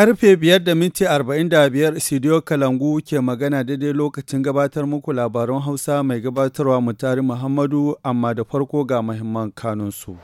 Karfe biyar da minti arba'in da biyar Sidiyo Kalangu ke magana daidai lokacin gabatar muku labaran Hausa mai gabatarwa mutari Muhammadu amma da farko ga mahimman kanunsu.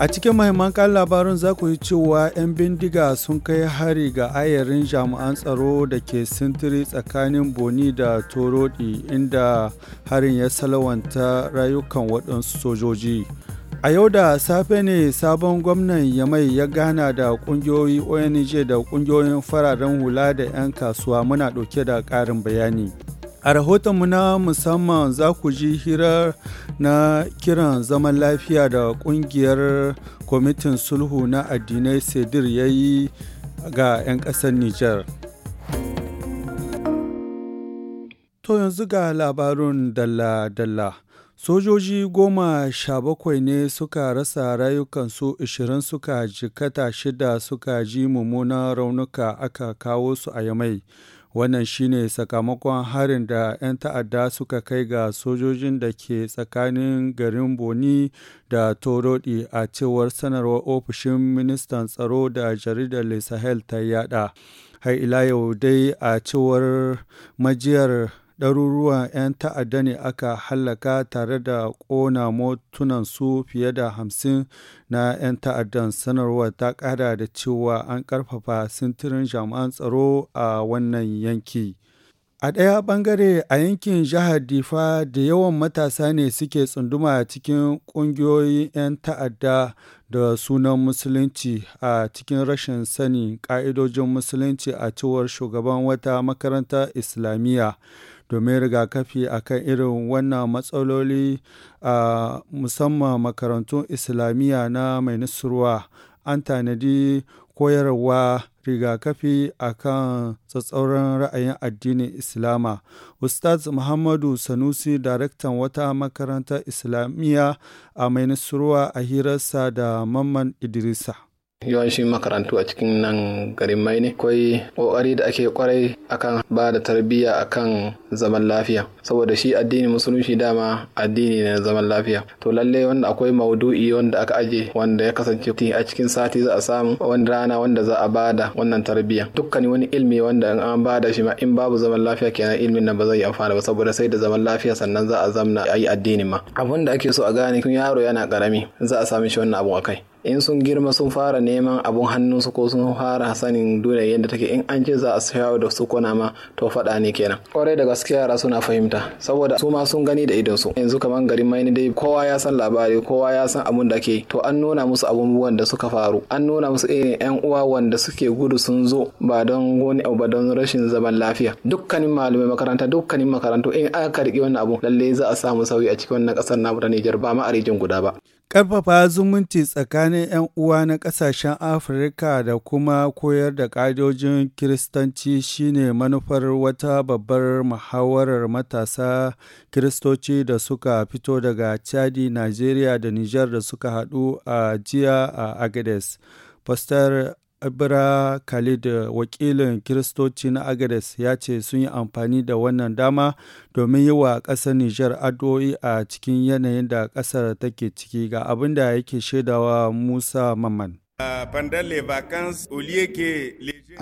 A cikin mahimman kan labarun za ku yi cewa 'yan bindiga sun kai hari ga ayarin jami'an tsaro da ke sintiri tsakanin Boni da Torodi inda harin ya salawanta rayukan waɗansu sojoji. A yau da safe ne sabon gwamnan Yamai ya gana da kungiyoyi ONG da kungiyoyin fararen hula da 'yan kasuwa muna ɗauke da ƙarin bayani. A rahoton mu na musamman za ku ji hirar na kiran zaman lafiya da ƙungiyar kwamitin sulhu na addinai Sedir ya yi ga 'yan ƙasar Nijar. To yanzu ga labarun dalla-dalla. Sojoji goma sha bakwai ne suka rasa rayukansu, ashirin suka jikata shida suka ji mummunan raunuka aka kawo su a Yamai. Wannan shine sakamakon harin da 'yan ta'adda suka kai ga sojojin da ke tsakanin garin Boni da Torodi a cewar sanarwar ofishin ministan tsaro da jaridar Le Sahel ta yada. Har ila yau dai a cewar majiyar ɗaruruwan 'yan ta'adda ne aka hallaka tare da ƙona motunansu fiye da hamsin na 'yan ta'addan sanarwar ta ƙada da cewa an ƙarfafa sintirin jami'an tsaro a wannan yanki. A ɗaya ɓangare a yankin jihar Difa da yawan matasa ne suke tsunduma cikin ƙungiyoyin 'yan ta'adda da sunan Musulunci a cikin rashin sani ƙa'idojin Musulunci a cewar shugaban wata makaranta Islamiyya. domin rigakafi akan irin wannan matsaloli a musamman makarantun islamiyya na mai nisruwa an tanadi koyarwa rigakafi a kan tsatsauran ra'ayin addinin islama ustaz muhammadu sanusi daraktan wata makarantar islamiyya a mai a hirarsa da mamman idrisa yawancin makarantu a cikin nan garin mai ne akwai kokari da ake kwarai akan ba da tarbiyya akan zaman lafiya saboda shi addini musulunci dama addini ne na zaman lafiya to lalle wanda akwai maudu'i wanda aka aje wanda ya kasance a cikin sati za a samu wani rana wanda za a bada wannan tarbiyya dukkan wani ilmi wanda in an da shi ma in babu zaman lafiya kenan ilmin nan ba zai amfana ba saboda sai da zaman lafiya sannan za a zamna ayi addini ma abin da ake so a gane kun yaro yana karami za a sami shi wannan abu akai in sun girma sun fara neman abun hannunsu ko sun fara sanin duniya yadda take in an ce za a sayawa da su kona ma to faɗa ne kenan kwarai da gaskiya yara suna fahimta saboda su ma sun gani da idon su yanzu kamar garin maini dai kowa ya san labari kowa ya san abun da ke to an nuna musu abubuwan da suka faru an nuna musu irin yan uwa wanda suke gudu sun zo ba don wani ba don rashin zaman lafiya dukkanin malamai makaranta dukkanin makarantu in aka karɓi wannan abu lalle za a samu sauyi a cikin wannan ƙasar namu ta Nijar ba ma a guda ba Ƙarfafa zumunci tsakanin tsakanin 'yan uwa na ƙasashen Afirka da kuma koyar da ƙa'idojin Kiristanci shine manufar wata babbar muhawarar matasa Kiristoci da suka fito daga Chadi, nigeria da niger da suka haɗu a jiya a Agades. Pastor Ibra Khalid wakilin Kiristoci na Agades ya ce sun yi amfani da wannan dama domin yi wa ƙasar Nijar addu'o'i a cikin yanayin da ƙasar take ciki ga abin da yake shaidawa Musa Maman.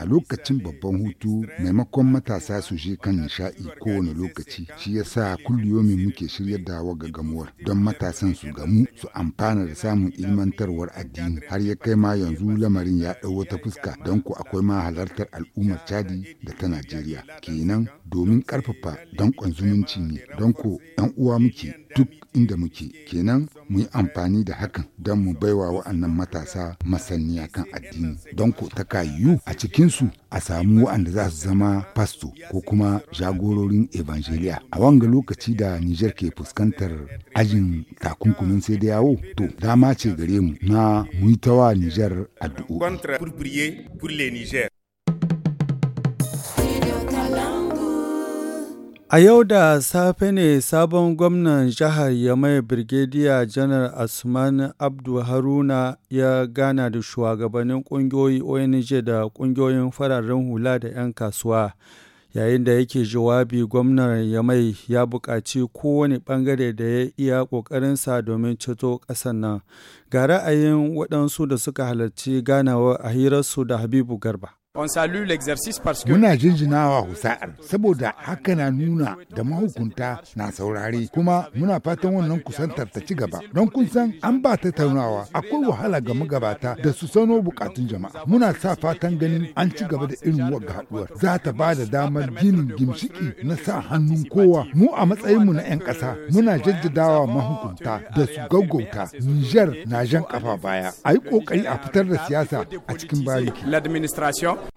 A lokacin babban hutu maimakon matasa su je kan nishaɗi kowane lokaci shi ya sa kulliyomi muke shirya dawa ga gamuwar don matasan su gamu su amfana da samun ilmantarwar addini har ya kai ma yanzu lamarin ya ɗau wata fuska don ku akwai ma halartar al'ummar Chadi da ta Najeriya kenan domin ƙarfafa don zumunci ne don ko 'yan uwa muke duk inda muke kenan mu yi amfani da hakan don mu baiwa wa'annan matasa masaniya kan addini don ko ta kayu a cikinsu a samu wa'anda za su zama fasto ko kuma jagororin evangeliya a wanga lokaci da Nijar ke fuskantar ajin takunkumin sai da yawo to dama ce gare mu na mu yi tawa Nijar addu'o'i. A yau da safe ne sabon gwamnan jihar Yamai Birgediya Janar Asman Abdu Haruna ya gana da shugabannin ƙungiyoyi ONG da ƙungiyoyin fararen hula da 'yan kasuwa. Yayin da yake jawabi gwamnan Yamai ya buƙaci kowane ɓangare da ya iya ƙoƙarinsa domin ceto ƙasar nan. Ga ra'ayin waɗansu da suka halarci ganawa a hirarsu da Habibu Garba. Muna jinjinawa husa'ar saboda haka na nuna da mahukunta na saurare kuma muna fatan wannan kusantar ta ci gaba don kun san an ba ta taunawa akwai wahala ga magabata da su sano bukatun jama'a muna sa fatan ganin an ci gaba da irin wagga haduwar za ta ba da damar ginin gimshiki na sa hannun kowa mu a matsayinmu na 'yan kasa muna jaddadawa mahukunta da su gaggauta Nijar na jan kafa baya a yi ƙoƙari a fitar da siyasa a cikin bariki. L'administration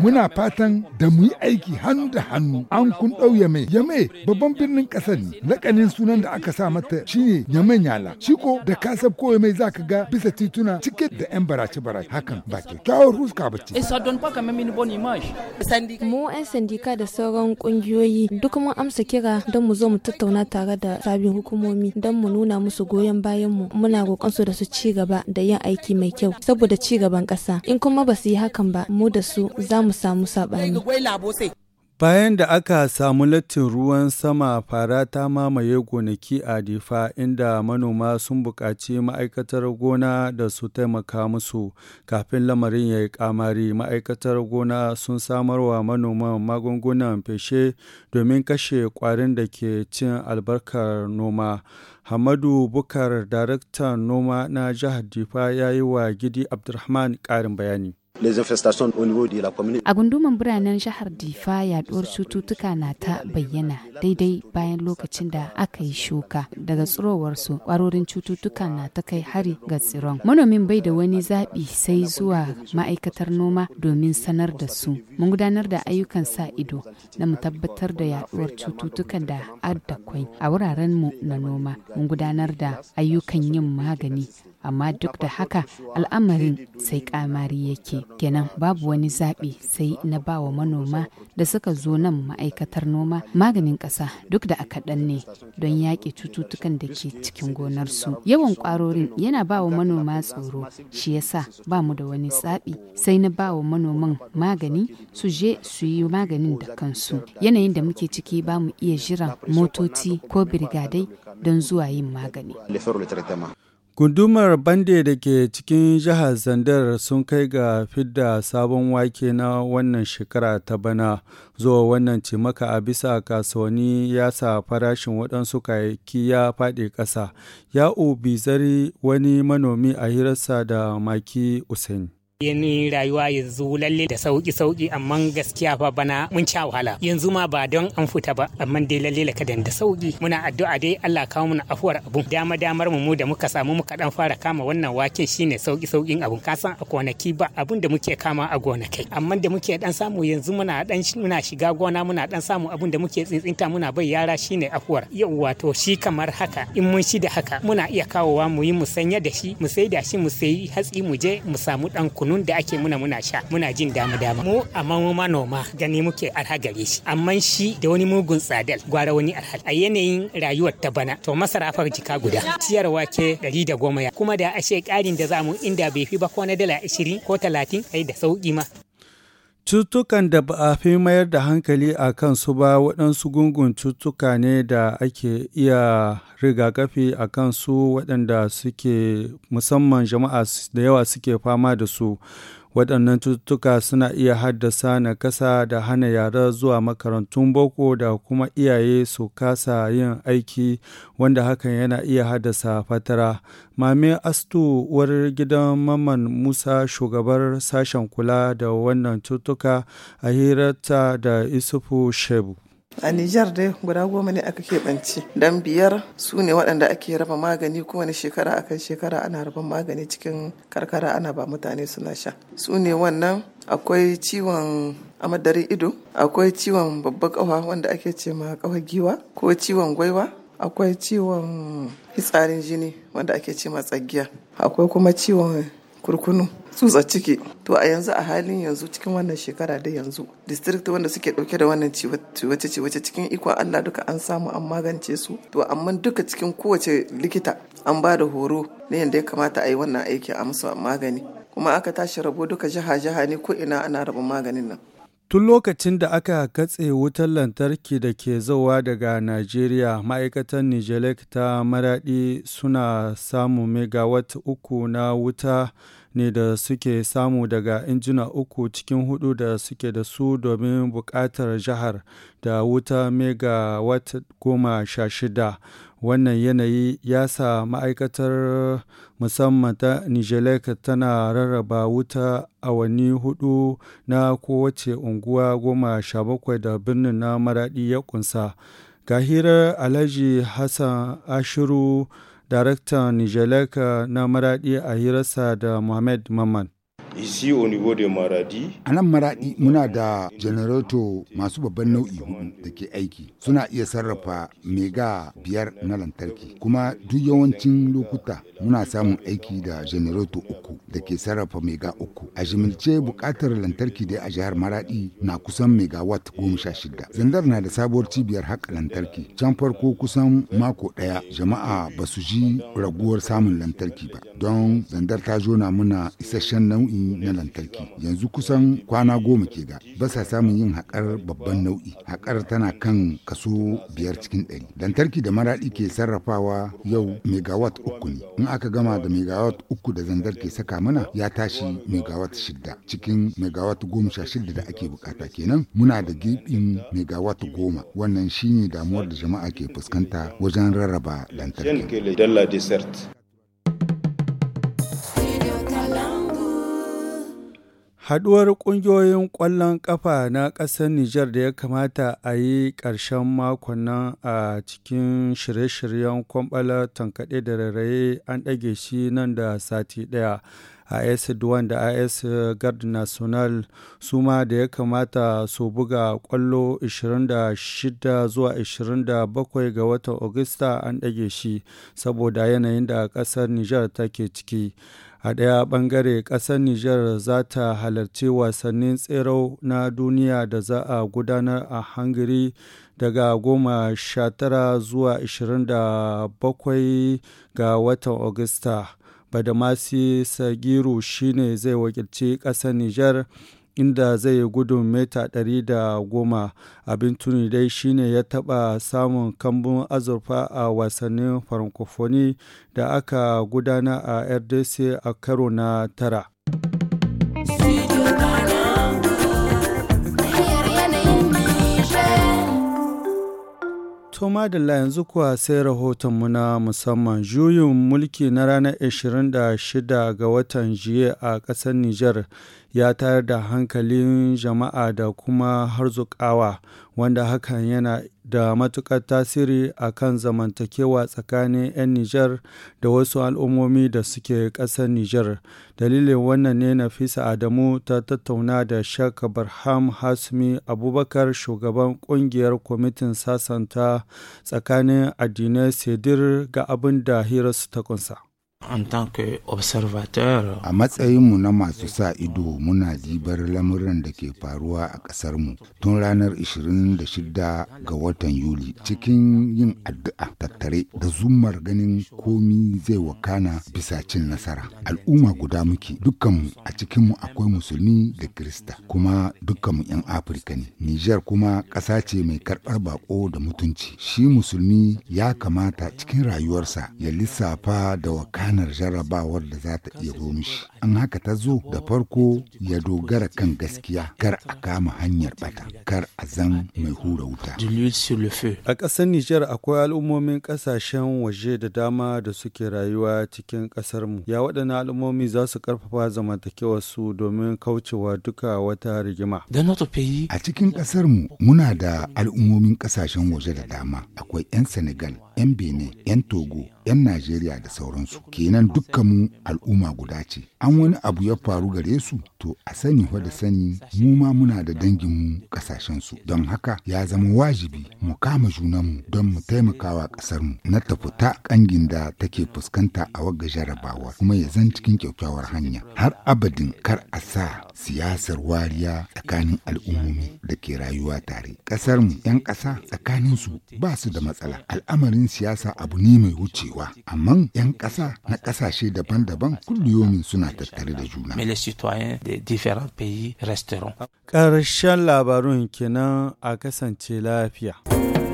Muna fatan da mu yi aiki hannu da hannu an kun ɗau Yame. Yame babban birnin ƙasar ne. Lakanin sunan da aka sa mata shine yame Nyala. Shi ko da ka ko Yame za ka ga bisa tituna cike da 'yan barace-barace hakan ba ke Kyawar huska ba ce. Mu 'yan sandika da sauran ƙungiyoyi duk mun amsa kira don mu zo mu tattauna tare da sabbin hukumomi don mu nuna musu goyon bayan mu muna roƙon su da su ci gaba da yin aiki mai kyau saboda ci gaban ƙasa. In kuma ba su yi hakan ba mu da su za mu samu saɓani. Bayan da aka samu lattin ruwan sama fara ta mamaye gonaki a Difa inda manoma sun buƙaci ma'aikatar gona da su taimaka musu kafin lamarin ya yi kamari ma'aikatar gona sun samarwa manoman magungunan feshe domin kashe ƙwarin da ke cin albarkar noma. Hamadu Bukar, daraktan noma na jihar Difa ya yi wa Gidi Abdulrahman ƙarin bayani. les infestations au niveau de la commune. A gunduman biranen jihar Difa yaduwar cututtuka na ta bayyana daidai bayan lokacin da aka yi shuka daga su kwarorin cututtuka na ta kai hari ga tsiron. Manomin bai da wani zaɓi sai zuwa ma'aikatar noma domin sanar da su. Mun gudanar da ayyukan sa ido na mu tabbatar da yaduwar cututtukan da addakwai a wuraren mu na noma. Mun gudanar da ayyukan yin magani amma duk da haka al'amarin sai kamari yake kenan babu wani zaɓi sai na bawa manoma da suka zo nan ma'aikatar noma maganin ƙasa duk da akaɗan ne don yaƙi cututtukan da ke cikin gonarsu yawan ƙwarorin yana ba wa manoma tsoro shi yasa ba mu da wani zaɓi sai na bawa manoman magani su je su yi maganin da kansu yanayin da muke ciki ba mu iya jiran motoci ko birgadai don zuwa yin magani. Gundumar Bande da ke cikin jihar Zandar sun kai ga fidda sabon wake na wannan shekara ta bana zuwa wannan cimaka a bisa kasuwanni ya sa farashin waɗansu kayayyaki ya faɗi ƙasa. ya zari wani manomi a hirarsa da Maki usaini yin rayuwa yanzu lalle da sauki sauki amma gaskiya fa bana mun ci wahala. Yanzu ma ba don an fita ba amma dai lalle kadan da sauki. Muna addu'a dai Allah kawo mana afuwar abun. Dama damar mu mu da muka samu muka dan fara kama wannan waken shine sauki saukin abun. Ka san a gonaki ba abun da muke kama a gona kai. Amma da muke dan samu yanzu muna dan muna shiga gona muna dan samu abun da muke tsintsinta muna bai yara shine afuwar. Yau wato shi kamar haka in mun shi da haka muna iya kawowa mu yi da shi mu sai da shi mu sayi hatsi mu je mu samu dan kunu nun da ake muna muna sha muna jin dama-dama. mu amma mu manoma gani muke arha gare shi amma shi da wani mugun tsadal gwara wani arha a yanayin rayuwar ta bana to masara far jika guda ciyar wake ɗari da goma ya kuma da ashe karin da zamu inda bai fi ba ko na dala ashirin ko talatin kai da sauki ma Cutukan da ba a fi mayar da hankali a kan su ba waɗansu gungun cutuka ne da ake iya rigakafi a kan su waɗanda suke musamman jama'a da yawa suke fama da su. waɗannan cututtuka suna iya haddasa na kasa da hana yara zuwa makarantun boko da kuma iyaye su kasa yin aiki wanda hakan yana iya haddasa fatara mami astu uwar gidan maman musa shugabar sashen kula da wannan cututtuka a hirarta da isufu shebu A Nijar dai guda goma ne aka keɓance, dan biyar su ne waɗanda ake raba magani kowane shekara akan shekara ana raba magani cikin karkara ana ba mutane suna sha. Su ne wannan akwai ciwon amadarin ido, akwai ciwon babban ƙawa wanda ake ce ma ƙafa giwa ko ciwon gwaiwa, akwai ciwon hitsarin jini wanda ake ce ma tsagiya, akwai kuma ciwon kurkunu tsutsa ciki to a yanzu a halin yanzu cikin wannan shekara da yanzu district wanda suke dauke da wannan ciwace ciwace cikin ikon Allah duka an samu an magance su to amma duka cikin kowace likita an ba da horo na yadda ya kamata a yi wannan aiki a musu magani kuma aka tashi rabo duka jiha jiha ne ko ina ana raba maganin nan Tun lokacin da aka katse wutar lantarki da ke zauwa daga Najeriya, ma'aikatan Nijelek ta Maraɗi suna samun megawatt uku na wuta ne da suke samu daga injina uku cikin hudu da suke da su domin buƙatar jihar da wuta megawatt goma sha shida wannan yanayi ya sa ma'aikatar musamman ta nijelek tana rarraba wuta awanni hudu na kowace unguwa goma sha bakwai da birnin na maradi ya kunsa ga hirar alhaji hassan ashiru daraktan nijeleka eh, na maraɗi a hirarsa da mohamed Maman. Isi maradi. A nan maradi muna da janareto masu babban nau'i hudu da ke aiki suna iya sarrafa mega biyar na lantarki kuma duk yawancin lokuta muna samun aiki da janareto uku da ke sarrafa mega uku a jimilce buƙatar lantarki da a jihar maradi na kusan megawatt goma sha shida zandar na da sabuwar cibiyar haƙa lantarki can farko kusan mako ɗaya jama'a ba su ji raguwar samun lantarki ba don zandar ta zo na muna isasshen nau'i na lantarki yanzu kusan kwana goma ke ga ba sa samun yin haƙar babban nau'i haƙar tana kan kaso biyar cikin ɗari lantarki da maraɗi ke sarrafawa yau megawatt uku ne aka gama da megawat uku da zandar ke saka mana ya tashi megawatt shida cikin megawat goma sha shida da ake bukata kenan muna da gibin megawat goma wannan shine damuwar da jama'a ke fuskanta wajen rarraba lantarki Haɗuwar ƙungiyoyin ƙwallon ƙafa na ƙasar Nijar da ya kamata a yi ƙarshen makon nan a cikin shirye-shiryen kwamɓalar tankaɗe da rarraye an ɗage shi nan da sati ɗaya. AS Duwan da AS Gard National su ma da ya kamata su buga ƙwallo 26 zuwa 27 ga watan Agusta an ɗage shi saboda yanayin da ƙasar Nijar take ciki. a ɗaya ɓangare ƙasar niger za ta halarci wasannin tsero na duniya da za a gudanar a hungary daga goma sha tara zuwa 27 ga watan agusta badamasi sagiru shine zai wakilci ƙasar niger inda zai yi gudun mita 110 abin tuni dai shine ya taɓa samun kambun azurfa a wasannin francophonie da aka gudana a rdc a karo na tara Toma da la yanzu kuwa sai rahotonmu na musamman juyin mulki na ranar 26 ga watan jiye a ƙasar Nijar ya tayar da hankalin jama'a da kuma harzukawa wanda hakan yana da matuƙar tasiri a kan zamantakewa tsakanin 'yan Nijar da wasu al'ummomi da suke ƙasar Nijar. Dalilin wannan ne Nafisa Adamu ta tattauna da Shaka Barham Hasmi Abubakar shugaban ƙungiyar kwamitin sasanta tsakanin addinai Sedir ga abin da hirarsu ta kunsa. an tanke observateur a matsayinmu na masu sa ido muna zibar lamuran da ke faruwa a mu tun ranar 26 ga watan yuli cikin yin addu'a tattare da zumar ganin komi zai wakana bisa cin nasara al'umma guda muke dukkanmu a cikinmu akwai musulmi da krista kuma dukkanmu 'yan afirka ne nijar kuma ƙasa ce mai karɓar bako da mutunci shi musulmi ya kamata cikin rayuwarsa ya lissafa da wakana kanar jarrabawar da za ta iya zo mishi an haka ta zo da farko ya dogara kan gaskiya kar a kama hanyar bata kar a zan mai hura wuta a ƙasar nijar akwai al'ummomin ƙasashen waje da dama da suke rayuwa cikin ƙasar mu ya waɗannan al'ummomi za su ƙarfafa zamantakewar su domin kaucewa duka wata rigima a cikin ƙasar mu muna da al'ummomin ƙasashen waje da dama akwai 'yan senegal 'yan benin 'yan togo 'yan Najeriya da sauransu. Kenan dukkanmu al'umma guda ce. An wani abu ya faru gare su to a sani da sani mu ma muna da danginmu su Don haka ya zama wajibi mu kama junanmu don mu taimakawa ƙasarmu na ta fita ƙangin da take fuskanta a wagga jarabawar kuma ya zan cikin kyakkyawar hanya. Har abadin kar a sa siyasar wariya tsakanin al'ummomi da ke rayuwa tare. Ƙasarmu 'yan ƙasa tsakaninsu ba su da matsala. Al'amarin siyasa abu ne mai wucewa. kuwa amma 'yan ƙasa na ƙasashe daban-daban kulliyomin suna tattare da juna. Ƙarshen labarun kenan a kasance lafiya.